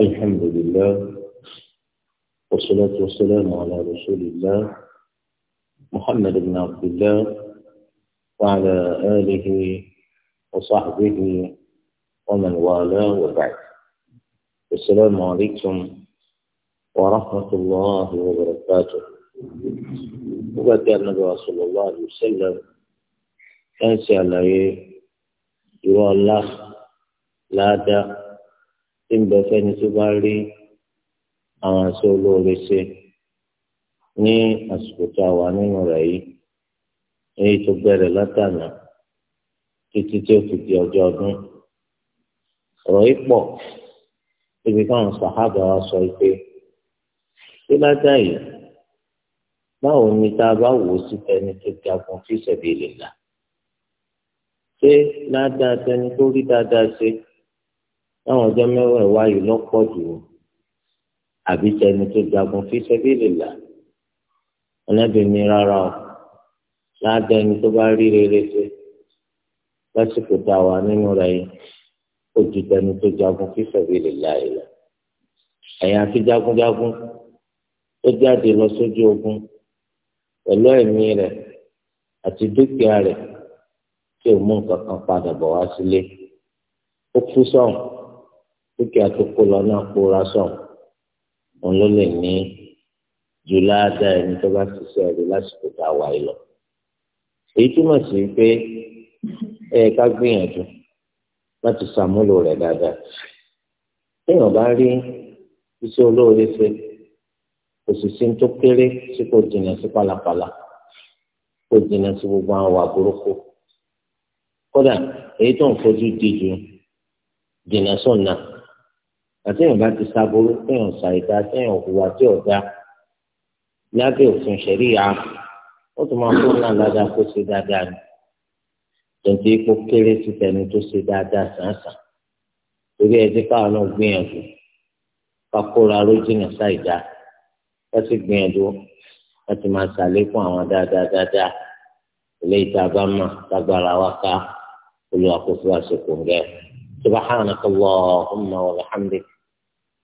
الحمد لله والصلاة والسلام على رسول الله محمد بن عبد الله وعلى آله وصحبه ومن والاه وبعد السلام عليكم ورحمة الله وبركاته وبعد النبي صلى الله عليه وسلم كان عليه يرى الله لا دا tí ń bẹ tó bá rí àwọn aṣọ olóore ṣe ní àsìkò tá a wà nínú rẹ̀ yìí èyí tó bẹ̀rẹ̀ látànà títí tí ó fi di ọjọ́ ọdún ọ̀rọ̀ yìí pọ̀ ibi káwọn sàhábà wa sọ pé tí látà yìí báwo ni tá a bá wò ó sí ẹni tó jagun fi sabilillah ṣé ládàá tẹni tó rí dáadáa ṣe táwọn ọjọ́ mẹ́wàá ẹ̀wá yìí lọ́pọ̀ jù ú àbí tẹni tó jagun fi sabilillah ọlẹ́bìnrin rárá o láàdá ẹni tó bá rí rere ṣe lásìkò tá a wà nínú rẹ̀ yìí ó ju tẹni tó jagun fi sabilillah yìí lọ àyàfi jagunjagun tó jáde lọ sójú ogun pẹ̀lú ẹ̀mí rẹ̀ àti dúkìá rẹ̀ tí ò mú nǹkan kan padà bọ̀ wá sílé ó kú sọ̀rọ̀ dúkìá tó kó lọ náà kóra sàn òun ló lè ní jù láàdá ẹni tó bá ṣiṣẹ́ rẹ̀ lásìkò tá a wà yìí lọ. èyí túmọ̀ sí pé ẹ ká gbìyànjú láti ṣàmúlò rẹ̀ dáadáa. téèyàn bá rí iṣẹ́ olóore ṣe kò sì sí tó kéré tí kò jìnnà sí pálapàla kò jìnnà sí gbogbo àwọn àwà kódà èyí tó ń fojú di ju jìnnà sọ̀nà àtẹ̀yìn bá ti sáboro tẹ̀yìn ṣàìdá tẹ̀yìn òhùwà tí ọ̀dá lábẹ́ òfin ṣẹ̀ríya ó tún máa fún náà ládàá kó ṣe dáadáa ni tòǹtì ipò kéré sí tẹni tó ṣe dáadáa sàǹsàn torí ẹjẹ káwọn náà gbìyànjú kakóra ló jìnnà ṣàìdá ká sì gbìyànjú láti máa ṣàlékún àwọn dáadáa dáadáa ilé ìta bá mà lágbára wa ká olùwàkóso àṣekùn gẹ subhanaka Allahumma wa